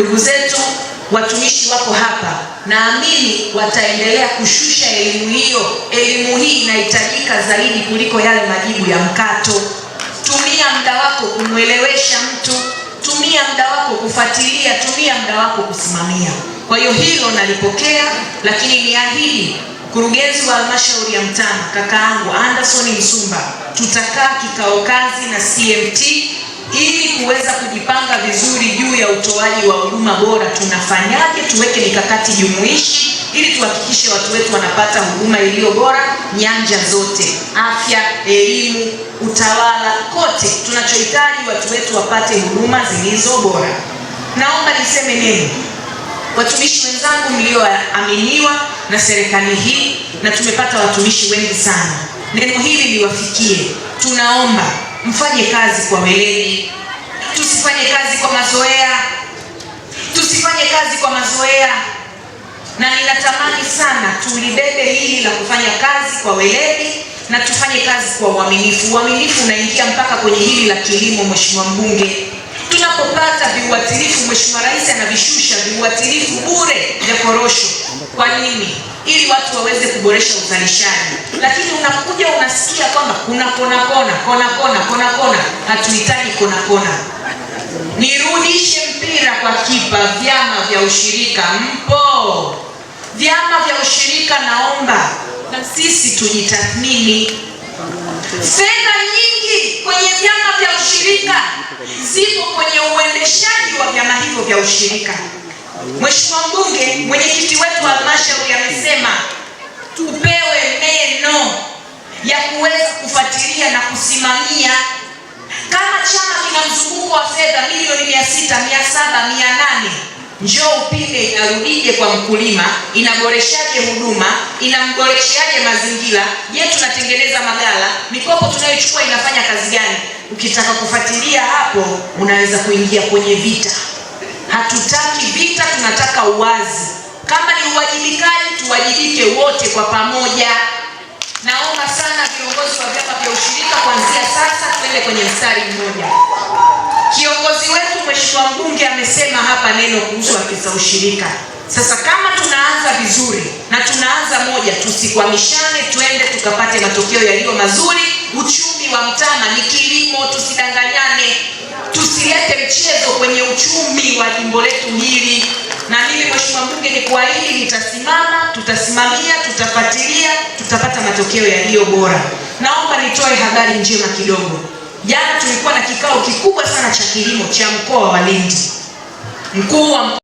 Ndugu zetu watumishi wako hapa, naamini wataendelea kushusha elimu hiyo. Elimu hii inahitajika zaidi kuliko yale majibu ya mkato. Tumia muda wako kumwelewesha mtu, tumia muda wako kufuatilia, tumia muda wako kusimamia. Kwa hiyo hilo nalipokea, lakini niahidi mkurugenzi wa halmashauri ya Mtama kakaangu Anderson Msumba, tutakaa kikao kazi na CMT ili kuweza kujipanga utoaji wa huduma bora tunafanyaje? Tuweke mikakati jumuishi ili tuhakikishe watu wetu wanapata huduma iliyo bora nyanja zote, afya, elimu, utawala, kote. Tunachohitaji watu wetu wapate huduma zilizo bora. Naomba niseme neno, watumishi wenzangu mlioaminiwa na serikali hii, na tumepata watumishi wengi sana. Neno hili liwafikie, tunaomba mfanye kazi kwa weledi Tusifanye kazi kwa mazoea, tusifanye kazi kwa mazoea, na ninatamani sana tulibebe hili la kufanya kazi kwa weledi na tufanye kazi kwa uaminifu. Uaminifu unaingia mpaka kwenye hili la kilimo, mheshimiwa mbunge. Tunapopata viuatilifu, mheshimiwa rais anavishusha viuatilifu bure vya korosho. Kwa nini? Ili watu waweze kuboresha uzalishaji. Lakini unakuja unasikia kwamba kuna kona kona kona kona kona kona, hatuhitaji kona kona. Nirudishe mpira kwa kipa. Vyama vya ushirika mpo? Vyama vya ushirika, naomba na sisi tujitathmini. Fedha nyingi kwenye vyama vya ushirika zipo kwenye uendeshaji wa vyama hivyo vya ushirika. Mheshimiwa Mbunge, mwenyekiti wetu wa halmashauri amesema tupewe meno ya kuweza kufuatilia na kusimamia kama chama kina mzunguko wa fedha milioni mia sita, mia saba, mia nane, njoo upime inarudije kwa mkulima, inaboreshaje huduma, inamboreshaje mazingira. Je, tunatengeneza magala? Mikopo tunayochukua inafanya kazi gani? Ukitaka kufuatilia hapo, unaweza kuingia kwenye vita. Hatutaki vita, tunataka uwazi. Kama ni uwajibikaji, tuwajibike wote kwa pamoja. Naomba viongozi wa vyama vya ushirika kuanzia sasa twende kwenye mstari mmoja. Kiongozi wetu Mheshimiwa mbunge amesema hapa neno kuhusu haki za ushirika. Sasa kama tunaanza vizuri na tunaanza moja, tusikwamishane, twende tukapate matokeo yaliyo mazuri. Uchumi wa mtama ni kilimo, tusidanganyane, tusilete mchezo kwenye uchumi wa jimbo letu hili na mimi mheshimiwa mbunge, ni kuahidi nitasimama, tutasimamia, tutafuatilia, tutapata matokeo yaliyo bora. Naomba nitoe habari njema kidogo. Jana tulikuwa na kikao kikubwa sana cha kilimo cha mkoa wa Lindi, mkuu wa mkoa